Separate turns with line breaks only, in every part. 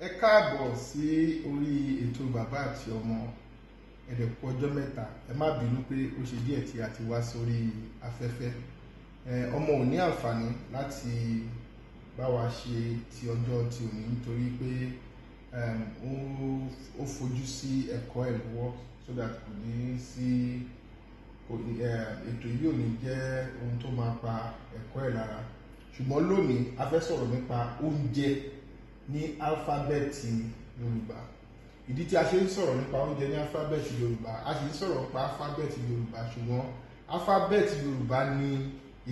ẹ káàbọ̀ sí orí ètò bàbá àti ọmọ ẹ̀dẹ̀kú ọjọ́ mẹ́ta ẹ má bínú pé ó ṣe díẹ̀ tí a ti wá sórí afẹ́fẹ́ ọmọ ò ní àǹfààní láti bá wa ṣe ti ọjọ́ ti òní nítorí pé ó fojú sí ẹ̀kọ́ ẹ̀ lọ́wọ́ so that kò ní sí ètò yìí ò ní jẹ́ ohun tó máa pa ẹ̀kọ́ ẹ̀ lára ṣùgbọ́n lónìí a fẹ́ sọ̀rọ̀ nípa oúnjẹ ní alifábẹ́ẹ̀tì yorùbá ìdí tí a ṣe ń sọ̀rọ̀ nípa oúnjẹ ní alifábẹ́ẹ̀tì yorùbá a sì ń sọ̀rọ̀ nípa alifábẹ́ẹ̀tì yorùbá ṣùgbọ́n alifábẹ́ẹ̀tì yorùbá ni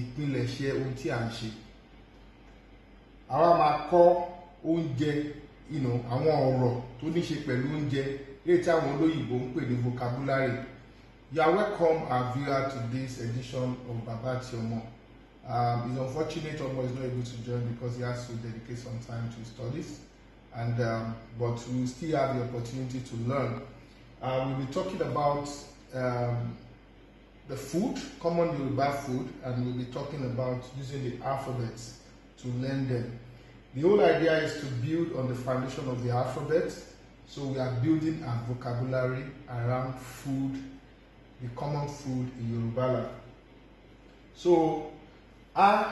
ìpilẹ̀ṣẹ̀ ohun tí a ń ṣe àwa máa kọ́ oúnjẹ ìnà àwọn ọ̀rọ̀ tó ní ṣe pẹ̀lú oúnjẹ èyí tí àwọn olóyìnbó ń pè ní vocabulary you are welcome our viewer to this edition of Baba Ti Omo. Um, it's unfortunate Omo is not able to join because he has to dedicate some time to his studies, and um, but we still have the opportunity to learn. Uh, we'll be talking about um, the food, common Yoruba food, and we'll be talking about using the alphabets to learn them. The whole idea is to build on the foundation of the alphabet. So we are building a vocabulary around food, the common food in Yoruba So a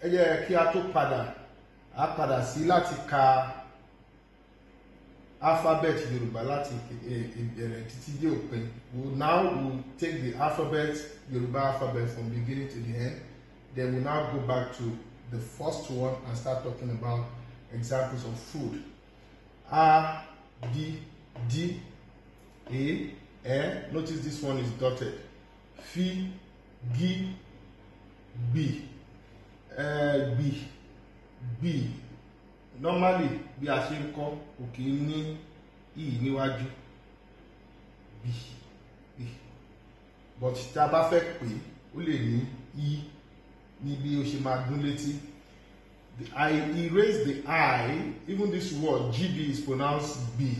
ẹ yẹ kí a tó padà a padà sí láti ka alphabet Yorùbá láti ìbẹ̀rẹ̀ títí dé òpin we now we take the alphabet Yorùbá alphabet from beginning to the end then we now go back to the first one and start talking about examples of food a b d a e, eh notice this one is dotted fi gi B gbì eh, gbì normally bí a ṣe ń kọ kò kì í ní ìyí níwájú gbì gbì but tá a bá fẹ́ pè ó lè ní í ní bí ó ṣe máa dún létí I erase the I even this word GB is pronounced B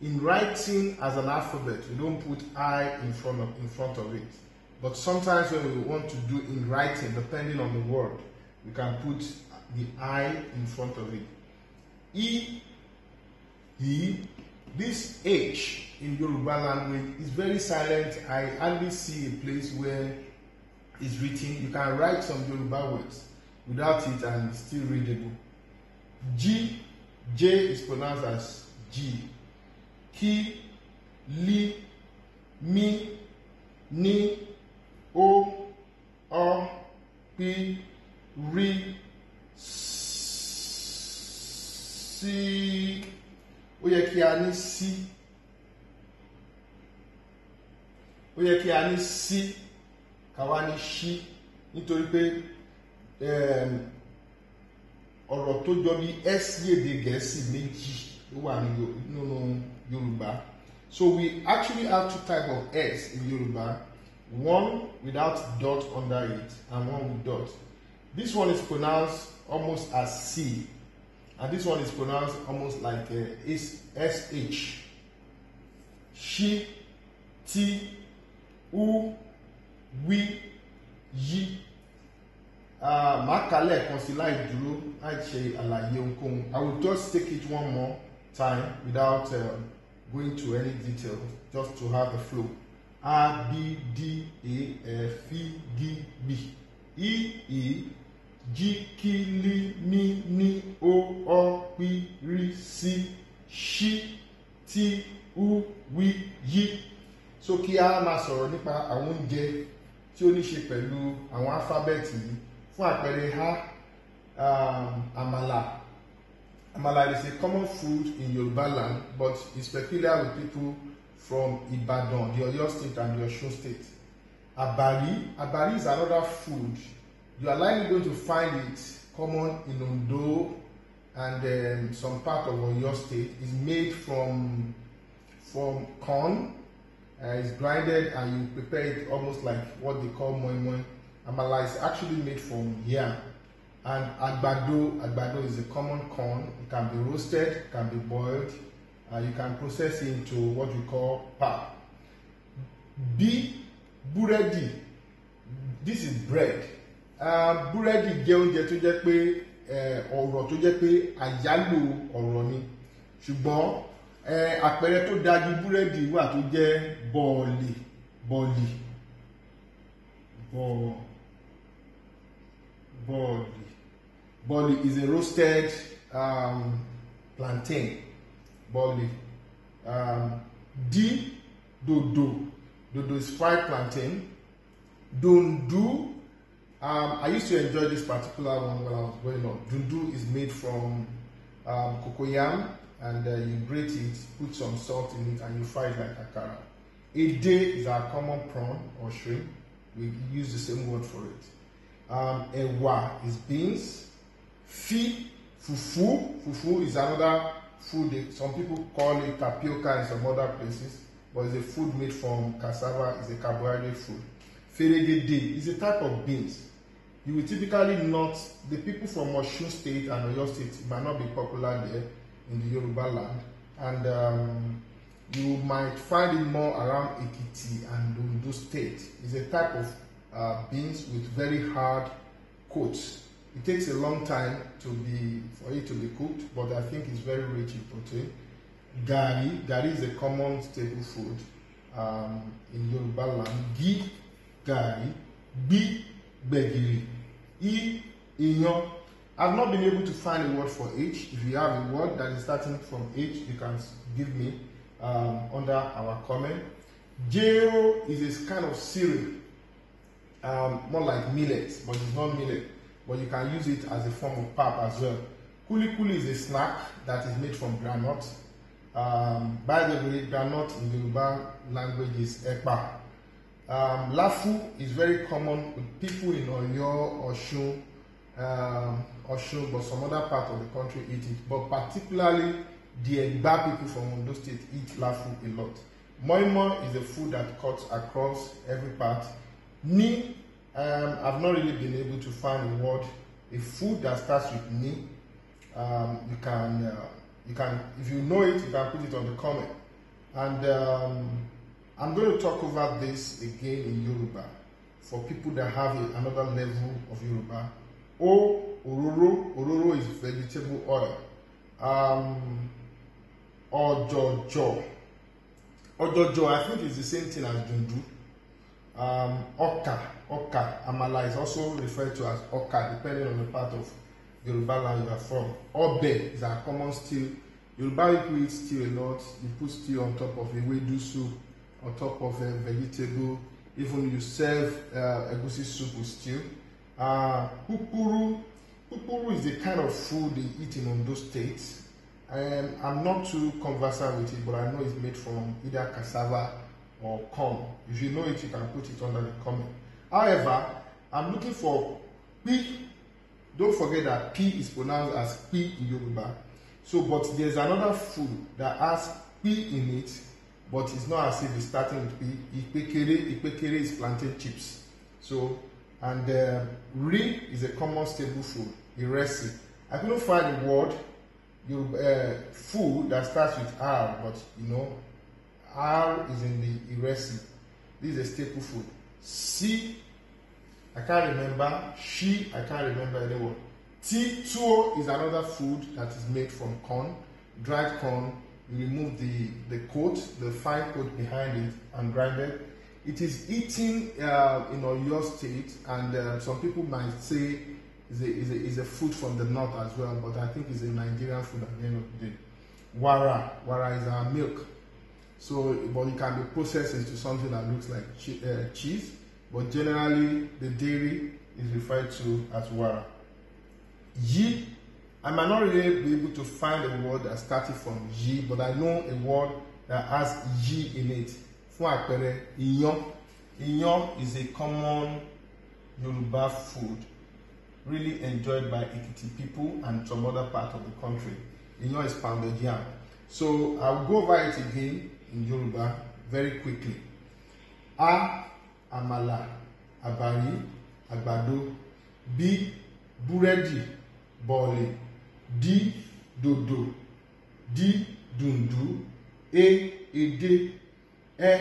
in writing as an alphabet we don't put I in front of, in front of it. But sometimes when we want to do in writing, depending on the word, we can put the I in front of it. E, E, this H in Yoruba language is very silent. I hardly see a place where it's written. You can write some Yoruba words without it and it's still readable. G, J is pronounced as G. Ki, Li, Mi, Ni, O ọ P R sí ó yẹ kí a ní C. ó yẹ kí a ní sí káwa ní ṣí nítorí pé ehm, ọ̀rọ̀ tó jọ bí s lédè gẹ̀ẹ́sì méjì ló wà nínú Yorùbá so we actually have two types of s in Yorùbá one without dot under it and one with dot. This one is pronounced almost as C and this one is pronounced almost like uh, it's SH. She, T, U, We, Yi. Makale uh, Màá kà lẹ́ẹ̀kan sí I will just take it one more time without um, going to any detail just to have a flow. A B D E F G B I E G K L M N O O P R C S T U W Y. So kí a máa sọ̀rọ̀ nípa àwọn oúnjẹ tí ó ní ṣe pẹ̀lú àwọn alifábẹ́ẹ̀tì yìí fún àpẹẹrẹ ha um, àmàlà. is a common food in Yoruba land but it's peculiar with people from Ibadan, the Oyo state and the Osun state. Abari, Abari is another food. You are likely going to find it common in Ondo and um, some part of Oyo state. It's made from from corn. Uh, it's grinded and you prepare it almost like what they call moi moi. Amala is actually made from yam. And agbado, agbado is a common corn. It can be roasted, It can be boiled, uh, you can process into what we call pap. B, búrẹ́dì. This is bread. Uh, búrẹ́dì jẹ́ oúnjẹ tó jẹ́ pé eh, ọ̀rọ̀ tó jẹ́ pé àyálò ọ̀rọ̀ ni. Ṣùgbọ́n eh, àpẹẹrẹ tó dájú búrẹ́dì wà tó jẹ́ bọ̀ọ̀lì. Bọ̀ọ̀lì. Bọ̀ọ̀lì. Bọ̀ọ̀lì is a roasted um, plantain barley. Um, D, dodo. Dodo is fried plantain. Dundu. Um, I used to enjoy this particular one when I was growing up. Dundu is made from um, cocoyam and uh, you grate it, put some salt in it, and you fry it like akara. Ede is our common prawn or shrimp. We use the same word for it. Um, ewa is beans. Fi, fufu. Fufu is another food. Some people call it tapioca in some other places, but it's a food made from cassava. It's a carbohydrate food. Feregede is a type of beans. You will typically not, the people from Osun State and Oyo State might not be popular there in the Yoruba land. And um, you might find it more around Ekiti and Ondo State. It's a type of uh, beans with very hard coats It takes a long time to be for it to be cooked, but I think it's very rich in protein. Gari, gari is a common staple food um, in Yoruba land. Gi, gari. Bi, begiri, I, inyo. I've not been able to find a word for H. If you have a word that is starting from H, you can give me um, under our comment. Jero is a kind of cereal, um, more like millet, but it's not millet but you can use it as a form of pap as well. Kuli kuli is a snack that is made from groundnut. Um, by the way, groundnut in the Yoruba language is ekpa. Um, lafu is very common with people in Oyo, Osun, um, Osun, but some other part of the country eat it. But particularly the Egba people from Ondo State eat lafu a lot. Moimo is a food that cuts across every part. Ni um, I've not really been able to find a word, a food that starts with me. Um, you can, uh, you can, if you know it, you can put it on the comment. And um, I'm going to talk over this again in Yoruba for people that have a, another level of Yoruba. O ororo, ororo is vegetable oil. Um, ojojo, ojojo, I think it's the same thing as dundu um, oka oka amala is also referred to as oka depending on the part of yoruba land you are from ọbẹ̀ is our common stew yoruba people eat stew a lot they put stew on top of ewedu soup on top of um, vegetable even you serve uh, egusi soup with stew uh, pupuru pupuru is the kind of food they eat in ondo state um, i'm not too conversant with it but i know it's made from either cassava or come. If you know it, you can put it under the comment. However, I'm looking for P. Don't forget that P is pronounced as P in Yoruba. So, but there's another food that has P in it, but it's not as if it's starting with P. Ipekere, Ipekere is plantain chips. So, and uh, Ri is a common staple food, Iresi. I couldn't find a word, uh, food that starts with R, but you know, R is in the iresi. This is a staple food. C, I can't remember. She, I can't remember anyone. T, two is another food that is made from corn, dried corn. You remove the, the coat, the fine coat behind it, and grind it. It is eaten uh, in your state, and uh, some people might say is a, is, a, is a food from the north as well, but I think it's a Nigerian food at the end of the day. Wara, wara is our milk. So, but it can be processed into something that looks like che uh, cheese, but generally the dairy is referred to as wara. Yi, I might not really be able to find a word that started from yi, but I know a word that has yi in it. Fún àpẹẹrẹ, iyán. Iyán is a common Yoruba food really enjoyed by Ikiti people and some other part of the country. Iyán is pounded yam. So I'll go over it again in Yoruba very quickly. A. Amala, àbàrí, àgbàdo. B. Búrẹ́dì, bọ̀ọ̀lì. D. Dòdò. D. Dùndú. E. Edé. E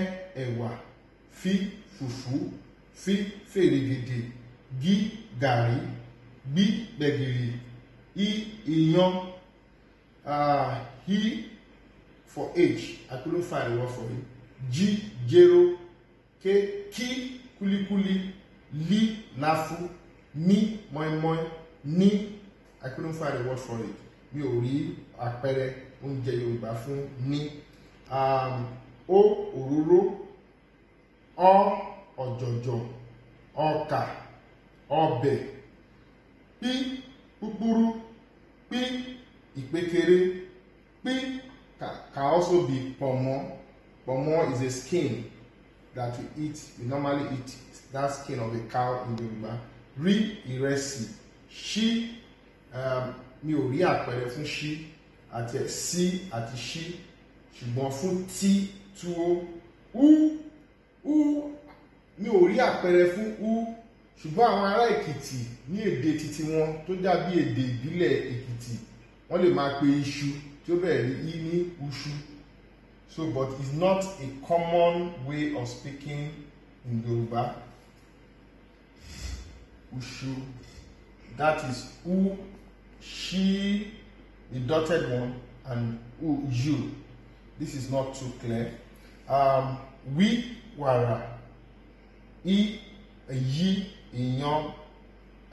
Ẹ̀wà. F. Fùfú. F. Fèrègèdè. G. Gàrí. B. Gbẹ̀gìrì. I. E, iyán. Uh, ah, I. E, for H. I couldn't find a word for it. E. G, jero, K, ki, kulikuli, li, láfù, mi, mọ́ínmọ́ín, Ni, I couldn't find a word for it. E. Mi ò rí àpẹẹrẹ oúnjẹ Yorùbá fún ní. Um, o, òróró, ọ, ọ̀jọ̀jọ̀, ọkà, ọbẹ̀, pí, púpúrú, pí, ìpékeré, pí, can also be pomo. Pomo is a skin that we eat. We normally eat that skin of a cow in Yoruba. Rí ìrẹsì. Ṣí mi ò rí àpẹẹrẹ fún ṣí ati ẹ̀ sí àti ṣí ṣùgbọ́n fún tí túwó. Ú ú mi ò rí àpẹẹrẹ fún ú ṣùgbọ́n àwọn ará èkìtì ní èdè titi wọn tó dàbí èdè ìbílẹ̀ èkìtì wọ́n lè máa pe iṣu tí ó bẹ̀rẹ̀ ní i ní uṣu so but it's not a common way of speaking in Yorùbá uṣu that is who, she the dotted one and who you this is not too clear um, wi wara, i èyí ìyan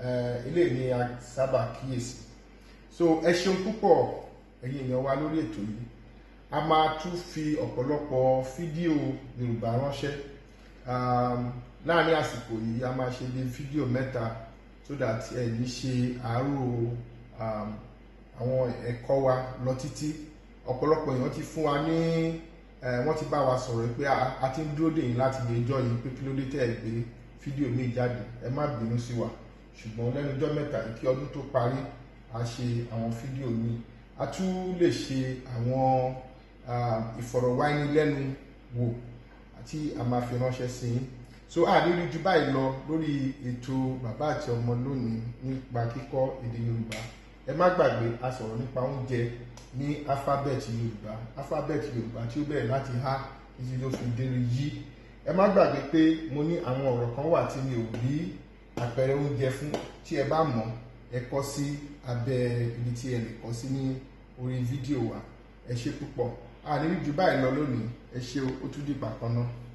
eh, eléyìí ni sábà kíyèsí so ẹ ṣeun púpọ̀ ẹ̀yin èèyàn wa lórí ètò yìí a máa tún fi ọ̀pọ̀lọpọ̀ fídíò yorùbá ránṣẹ́ láàrin àsìkò yìí a máa ṣe bí fídíò mẹ́ta so that ẹ ní ṣe àárò àwọn ẹ̀kọ́ wa lọ títí ọ̀pọ̀lọpọ̀ èèyàn ti fún wa ní wọ́n ti bá wa sọ̀rọ̀ pé a ti ń dúró dè yín láti lè jọ yìí pé kí ló dé tẹ́ ẹ gbé fídíò míì jáde ẹ má bínú sí wa ṣùgbọ́n lẹ́nu ọjọ́ mẹ́ta kí ọdún tó parí a ṣe àwọn fídíò míì a tún lè ṣe àwọn ìfọ̀rọ̀wánilẹ́nuwò tí a máa sí yín so àrírí ju báyìí lọ lórí ètò bàbá àti ọmọ lónìí nípa kíkọ́ èdè Yorùbá ẹ má gbàgbé a sọ̀rọ̀ nípa oúnjẹ ní alifábẹ́ẹ̀tì Yorùbá alifábẹ́ẹ̀tì Yorùbá tí ó bẹ̀rẹ̀ láti há títí ló fi dérí yí ẹ má gbàgbé pé mo ní àwọn ọ̀rọ̀ kan wà tí mi ò rí àpẹẹrẹ oúnjẹ fún tí ẹ bá mọ̀ ẹ kọ sí abẹ́ ibi tí ẹ lè kọ sí ní orí fídíò wa ẹ ṣe púpọ̀ àní jù báyìí lọ lónìí ẹ ṣe ó tún dìgbà kan náà.